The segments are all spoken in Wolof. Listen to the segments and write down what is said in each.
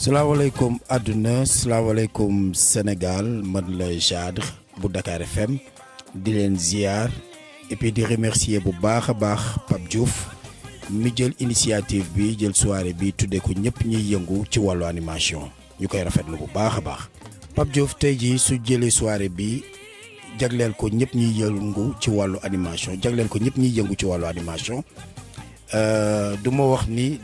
salaamaaleykum aduna salaamaaleykum Sénégal man la Jadre bu Dakar FM di leen ziar et puis di remercier bu baax baax Pape Diouf mi initiative bi jël soirée bi tuddee ko ñëpp ñuy yëngu ci wàllu animation ñu koy rafetlu bu baax a baax Pape Diouf tey jii su jëlee soirée bi jagleel ko ñëpp ñuy yëngu ci animation jagleel ko ñëpp ñuy yëngu ci animation euh, du ma wax ni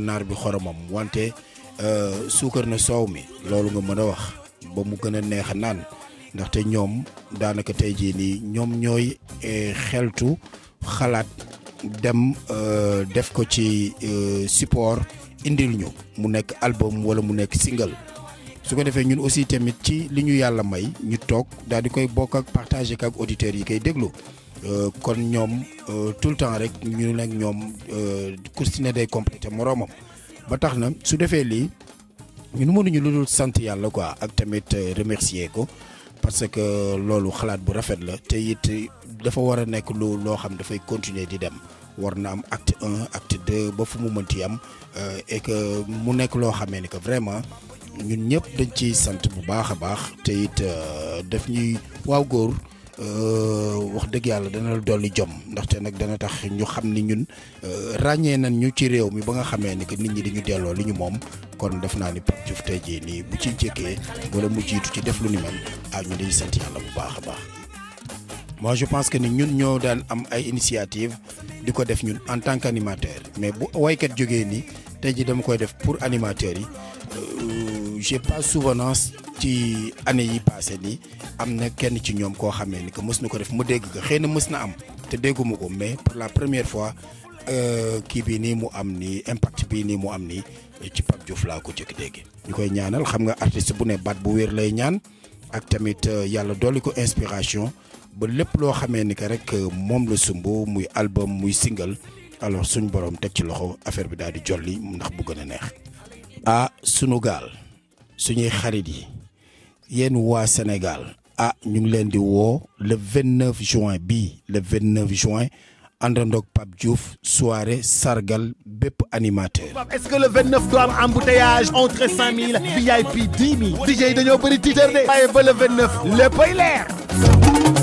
na bi xoromam wante. Euh, suukar na soow mi loolu nga mën a wax ba mu gën a neex a naan ndaxte ñoom daanaka tey jii nii ñoom ñooy eh, xeltu xalaat dem euh, def ko ci euh, support indil ñu mu nekk album wala mu nekk single su ko defee ñun aussi tamit ci li ñu yàlla may ñu toog daal di koy bokk ak ka ak auditeurs yi kay déglu kon ñoom tout le temps rek ñu nekk ñoom ku si ne day complété moroomam ba tax na su defee lii ñun mënuñu lu dul sant yàlla quoi ak tamit euh, remercier ko parce que loolu xalaat bu rafet la te it dafa war a nekk lu loo xam dafay continuer di dem war na am acte un acte deux ba fu mu mënti am euh, et que mu nekk loo xamee ni que vraiment ñun ñëpp dañ ciy sant bu baax a baax te it euh, def ñuy waaw góor. Euh, wax deug yalla dana doli jom ndaxte nak dana tax ñu xam ni ñun euh, ràññee nañ ñu ci réew mi ba nga xamé ni nit ñi dañu delloo li ñu moom kon def na ni Pape Diouf ji ni bu ci jéké wala mu jitu ci def lu ni mel a ah, ñu dañuy sant yalla bu baax a baax. moi je pense que ni ñun ñoo daan am ay initiative diko def ñun en tant qu'animateur mais bu kat jógee ni tey ji dama koy def pour animateur yi euh, j'ai pas souvenance ci année yi passé ni am na kenn ci ñoom koo xamee ni que mës na ko def mu dégg ko xëy na mës na am te dégguma ko mais pour la première fois euh, kii bii nii mu am nii impact bii nii mu am nii euh, ci pap Diouf laa ko jëkk dégg ñu koy ñaanal xam nga artiste bu ne baat bu wér lay ñaan ak tamit euh, yàlla dolli ko inspiration ba lépp loo xamee ni que rek moom la sumb muy album muy single alors suñ borom teg ci loxo affaire bi daal di jolli ndax bu gën a neex. ah sunu gaal suñuy xarit yi yéen waa Sénégal à ah, ñu ngi le 29 juin Bi, le 29 juin Andrandok Pape soirée sargal Bep animateur. est-ce que le 29 doit embouteillage entre 5000 VIP 10 000 DJ de. le 29 Le